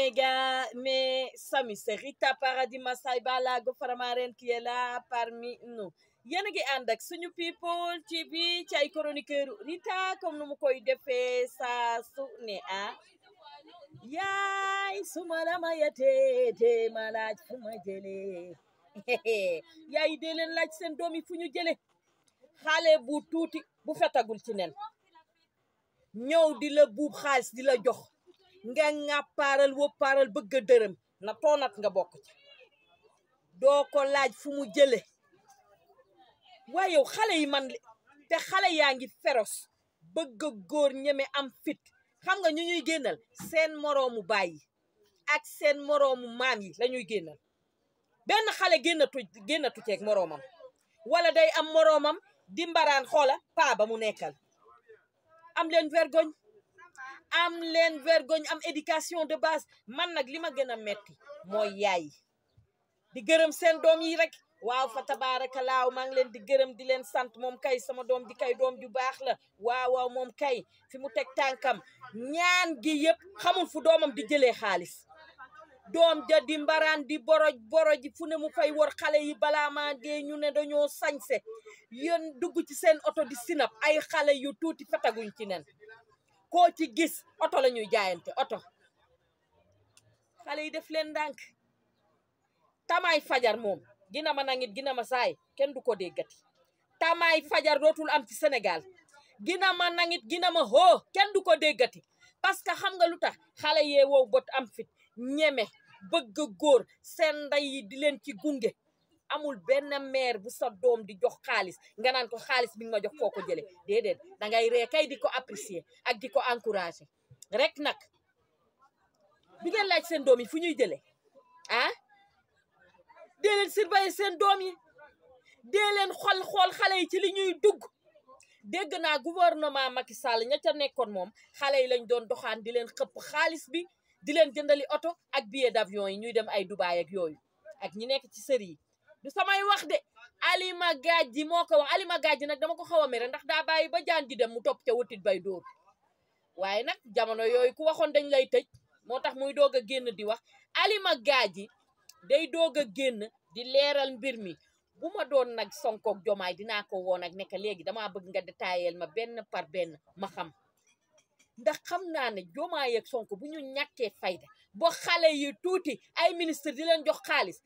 Omega, mais Samy, c'est Rita Paradis Massaïba, la Gofaramaren qui est là parmi nous. yéen a ngi ànd ak suñu people ci bi ci ay chroniqueur Rita comme nu mu koy defee saa su ne a ah. yaay suma la ma yatee te ma laaj ma jële yaay dee laaj seen doom yi fu ñu jële xale bu tuuti bu fetagul ci nen ñëw di la buub xaalis di la jox nga ŋàppaaral wëppaaral bëgg a dërëm na toonat nga bokk ci doo ko laaj fu mu jële waaye xale yi man te xale yaa ngi féroce bëgg a góor ñeme am fit xam nga ñu ñuy génnal seen moroomu baay yi ak seen moroomu maam yi la ñuy génnal benn xale génnatu génnatu ceeg moroomam wala day am moroomam di mbaraan xoola paa ba mu nekkal am leen vergogne am leen vergogne am éducation de base man nag li ma gën a metti mooy yaay di gërëm seen doom yi rek waaw fa tabarakalaaw maa ngi leen di gërëm di leen sant moom kay sama doom di kay doom ju baax la waaw waaw moom kay fi mu teg tànkam ñaan gi yëpp xamul fu doomam di jëlee xaalis doom ja di mbaraan di boroj boroj fu ne mu fay war xale yi balaa maa dee ñu ne dañoo sañse yéen dugg ci seen oto di sinap ay xale yu tuuti fetaguñ ci nen ko ci gis oto la ñuy jaayante oto xale yi def leen tamaay fajar moom gina ma nangit gina ma saay kenn du ko déggati tamaay fajar dootul am ci Sénégal gina ma nangit gina ma hoo kenn du ko déggati parce que xam nga lu tax xale yee wow am fit ñeme bëgg góor seen ndey yi di leen ci gunge amul benn maire bu sa doom di jox xaalis nga naan ko xaalis bi nga ma jox foo jële jëlee déedéet dangay ree kay di ko apprécier ak di ko encourager rek nag bi ngeen laaj seen doom yi fu ñuy jëlee ah dee leen seen doom yi dee leen xool xale yi ci li ñuy dugg dégg naa gouvernement Macky Sall ña ca nekkoon moom xale yi lañ doon doxaan di leen xëpp xaalis bi di leen jëndali oto ak billet d'avion yi ñuy dem ay Dubaay ak yooyu ak ñi nekk ci sër yi du samay wax de Alima ji moo ko wax Alima ji nag dama ko xaw a mere ndax da bàyyi ba jaan ji dem mu topp ca wutit bay dóor waaye nag jamono yooyu ku waxoon dañ lay tëj moo tax muy doog a génn di wax Alima ji day doog a génn di leeral mbir mi bu ma doon nag Sonkoog Jomaay dinaa ko woon ak nekk léegi damaa bëgg nga détailleel ma benn par benn ma xam ndax xam naa ne Jomaay ak Sonko bu ñu ñàkkee fayda ba xale yi tuuti ay ministre di leen jox xaalis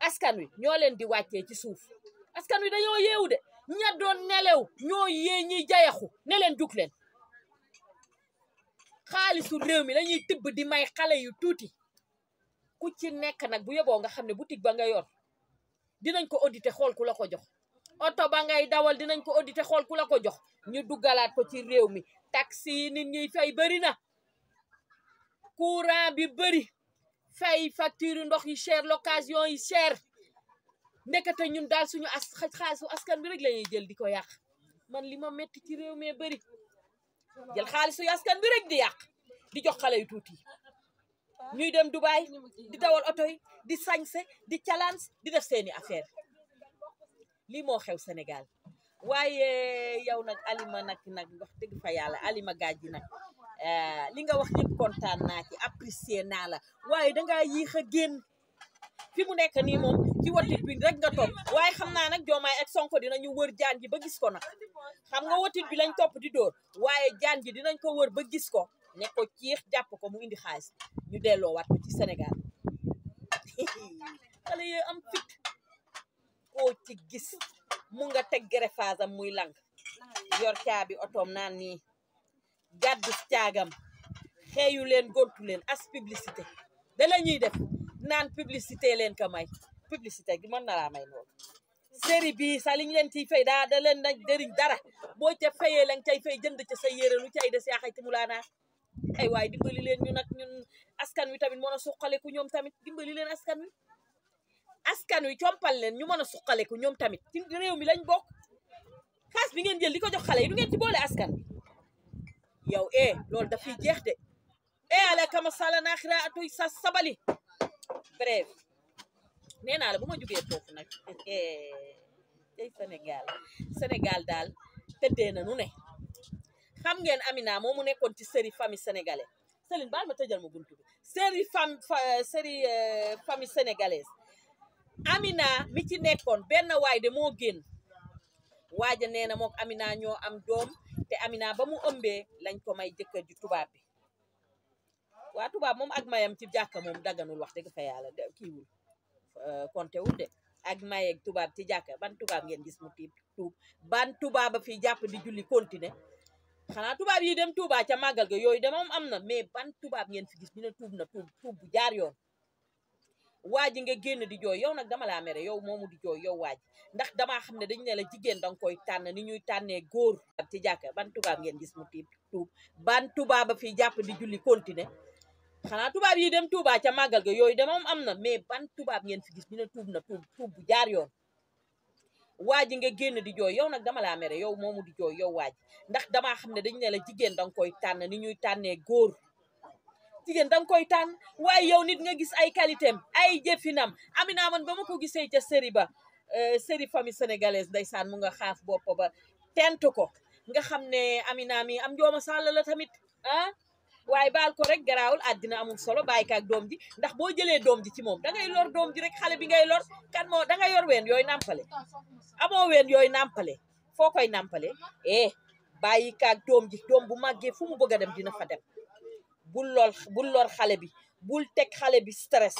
askan wi ñoo leen di wàccee ci suuf askan wi dañoo yeewu de ña doon nelew ñoo yee ñiy jayaxu ne leen jug leen xaalisu réew mi lañuy tibb di may xale yu tuuti ku ci nekk nag bu yeboo nga xam ne boutique ba nga yor dinañ ko audité xool ku la ko jox oto ba ngay dawal dinañ ko audité xool ku la ko jox ñu duggalaat ko ci réew mi taxi yi nit ñi fay bari na courant bi bari fay facture yu ndox yi cher location yi ndeket ndekete ñun daal suñu as su askan bi rek la jël di ko yàq man li ma metti ci réew mi bëri jël xaalisu askan bi rek di yàq di jox xale yu tuuti ñuy dem Dubai di dawal oto yi di sañse di challenge di def seeni affaire lii moo xew Sénégal waaye yow nag alima nag nag ndox dëgg fa yàlla alima gaaj yi nag Eh, li nga wax yëpp kontaan naa ci apprécier naa la waaye dangaa yéex a génn fi mu nekk nii moom ci watit bi rek nga topp waaye xam naa nag joomaay ak sonko dinañu wër jaan ba gis ko nag xam nga bi lañ topp di dóor waaye jaan dinañ ko wër ba gis ko ne ko ciix jàpp ko mu indi xaas ñu delloo waat ko ci Sénégal xale yooyu am fit koo ci gis mu nga teg greffage am muy lang yor caabi otoom naan nii gàddu caagam xeeyu leen gontu leen as publicité da la ñuy def naan publicité leen ko may publicité gi mën na laa may loolu série bi sa liñ leen ciy fay daa da leen nañ dëriñ dara boo ca fayee la nga cay fay jënd ca sa yére lu cay des yaaxay ti mulaanaa ay waay dimbali leen ñu nag ñun askan wi tamit mën a ku ñoom tamit dimbali leen askan wi askan wi compal leen ñu mën a suqaleku ñoom tamit ci réew mi lañ bokk xaas bi ngeen jël di ko jox xale yi du ngeen ci boole askan wi yow eh loolu dafiy jeex de eh alakama sala naaxira atuy sa sabali bref nee naa la bu ma jugee foofu nag eh, tey Sénégal Sénégal daal tëddee na nu ne xam ngeen Amina moomu nekkoon ci série famille sénégalaise Céline baal ma tëjal ma buntu bi série femme série eh, famille sénégalaise Amina mi ci nekkoon benn waay de moo génn. waaja nee na mook Amina ñoo am doom te Amina ba mu ëmbee lañ ko may jëkkër ji tubaab bi waa tubaab moom ak mayam ci jàkka moom daganul wax dëgg fa yàlla kiiwul euh, compté wul de ak mayeeg tubaab ci jàkka ban tubaab ngeen gis mu tiib tuub ban tubaaba fii jàpp di julli continuer xanaa tubaab yi dem tuubaa ca màggal ga yooyu de moom am na mais ban tubaab ngeen fi gis ñu ne tuub na tuub tuub bu jaar yoon waa ji nga génn di jooy yow nag dama laa mere yow moomu di jooy yow waa ji ndax damaa xam ne dañu ne la jigéen danga koy tànn ni ñuy tànnee góor ci jàkka ban tubaab ngeen gis mu tiib tuub ban tubaab ba fii jàpp di julli continuer xanaa tubaab yi dem tuubaa ca màggal ga yooyu de moom am na mais ban tubaab ngeen fi gis ñu ne tuub na tuub tuub bu jaar yoon waa ji nga génn di jooy yow nag dama laa mere yow moomu di jooy yow waa ndax damaa xam ne dañu ne la jigéen danga koy tànn ni ñuy tànnee góor jigéen danga koy tànn waaye yow nit nga gis ay qualité ay jëfinam Amina man ba ma ko gisee ca série ba euh, série famille sénégalaise ndeysaan mu nga xaaf bopp ba tent ko nga xam ne Amina mi am jooma sàll la tamit ah waaye baal ko rek garaawul àddina amul solo bàyyi ko doom ji ndax boo jëlee doom ji ci moom dangay lor doom ji rek xale bi ngay lor kan moo dangay yor ween yooyu nàmpale amoo ween yooyu nàmpale foo koy nàmpale eh bàyyi ko doom ji doom bu màggee fu mu bëgg a dem dina fa dem bu lool bul lor xale bi bul teg xale bi stress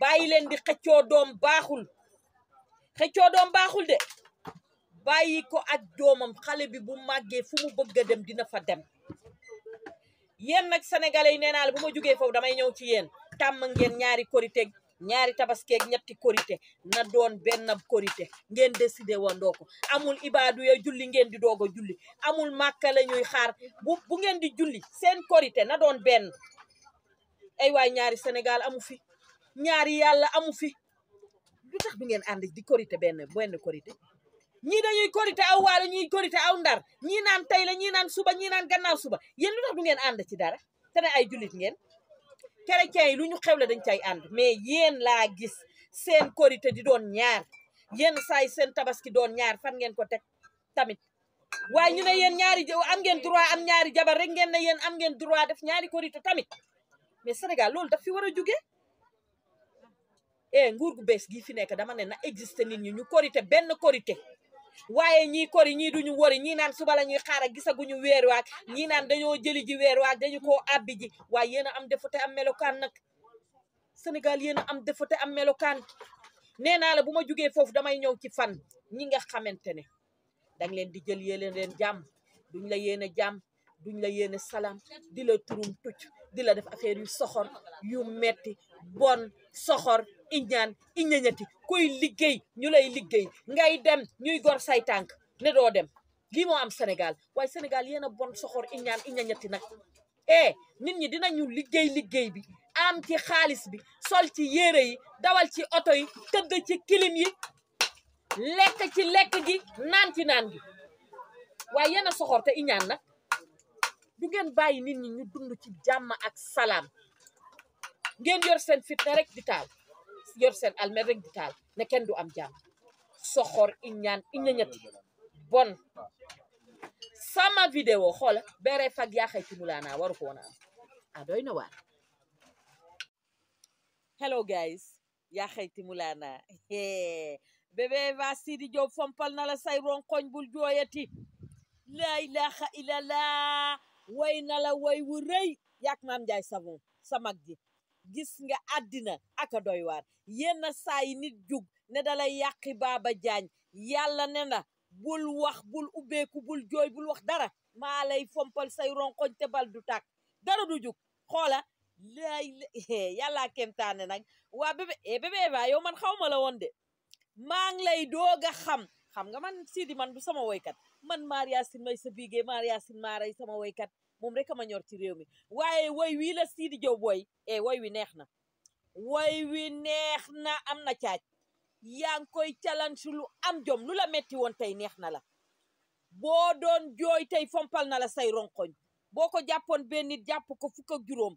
bàyyi leen di xëccoo doom baaxul xëccoo doom baaxul de bàyyi ko ak doomam xale bi bu màggee fu mu bëgg dem dina fa dem yéen nag sénégalais yi nee naa la bu ma jógee foofu damay ñëw ci yéen tàmm ngeen ñaari korité ñaari tabaski ñetti korité na doon benn korité ngeen décidé wandoo ko amul ibaadu ya julli ngeen di doog a julli amul màkka la ñuy xaar bu bu ngeen di julli seen korité na doon benn ay waay ñaari Sénégal amu fi ñaari yàlla amu fi lu tax du ngeen ànd di korité benn benn korité ñii ñuy korité aw waalo ñuy korité aw ndar ñii naan tey la ñii naan suba ñii naan gannaaw suba yéen lu tax du ngeen ànd ci dara te ne ay jullit ngeen chrétiens yi lu ñu xewle dañ cay ànd mais yéen laa gis seen korité di doon ñaar yenn saay seen tabaski doon ñaar fan ngeen ko teg tamit waaye ñu ne yéen ñaari am ngeen droit am ñaari jabar rek ngeen ne yéen am ngeen droit def ñaari korité tamit mais Sénégal loolu daf fi war a jóge eh nguur gu bees gii fi nekk dama ne na exister nit ñi ñu korité benn korité waaye ñii kori ñii du ñu wori ñii naan suba la ñuy xaar ak gisaguñu weer waag ñii naan dañoo jëli ji weer waag dañu koo àbbi ji waaye yéen a am defute am melokaan nag Sénégal yéen a am defute am melokaan nee naa la bu ma jugee foofu damay ñëw ci fan ñi nga xamante ne dang leen di jël yéen leen jàmm duñ la yéen a jàmm duñ la yéen a salaam di la turum tucc di la def affaire yu soxor yu metti bon soxor iñaan iñañati koy liggéey ñu lay liggéey ngay dem ñuy gor say tànk ne doo dem lii moo Sénégal waaye Sénégal yéen a bon soxor iñaan iñañati nag eh nit ñi dinañu liggéey liggéey bi am ci xaalis bi sol ci yére yi dawal ci oto yi tëdd ci kilim yi lekk ci lekk gi naan ci naan gi waaye yéen soxor te iñaan nag bi ngeen bàyyi nit ñi ñu dund ci jàmm ak salaam ngeen yor seen fitna rek di taal yor seen almet rek di taal ne kenn du am jàmm soxor iñaan iñañati bon sama vidéo xoola bere fag yaaxay ci mulaanaa waru ko woon am a ah, na waar hello guys yaa xayti mulaana bébé va Sidi Diop fompal na la say ronkoñ bul jooyati laa ilaha illallah way na la way wu rëy yaak maam Njaay savon sa mag ji gis nga àddina aka doy waar yenn saa nit jug ne dalay yàqi baaba jaañ yàlla ne na bul wax bul ubbeeku bul jooy bul wax dara maa lay fompal say ronkoñ te bal du tàkk dara du jug xoola lay yàllaa kemtaane nag waa bébé eh bébé yow man xaw ma la woon de maa ngi lay doog a xam xam nga man Sidi man du sama woykat man Maria Sin may sa bigee Maria Sin sama woykat moom rek a ma ñor ci réew mi waaye woy wii la Sidi Diop booy eh woy wi neex na woy wi neex na am na caaj yaa ngi koy challenge lu am jom lu la metti woon tey neex na la boo doon jooy tey fompal na la say ronkoñ boo ko jàppoon benni nit jàpp ko fukk ak juróom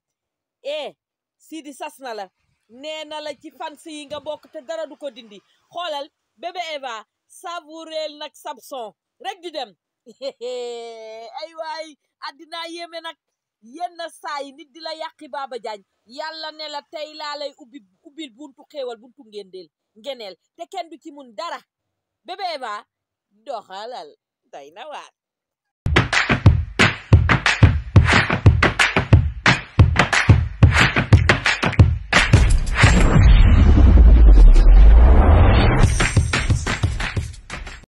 eh Sidi sas na la nee na la ci fans yi nga bokk te dara du ko dindi xoolal bébé Eva savourel nag Samson rek di dem ay waay àddinaa yéeme nag yenn saa yi nit di la yàqi baaba jaañ yàlla ne la tey laa lay ubbi ubbil buntu xéewal buntu ngéndeel ngeneel te kenn du ci mun dara bébé ba doxalal day na waar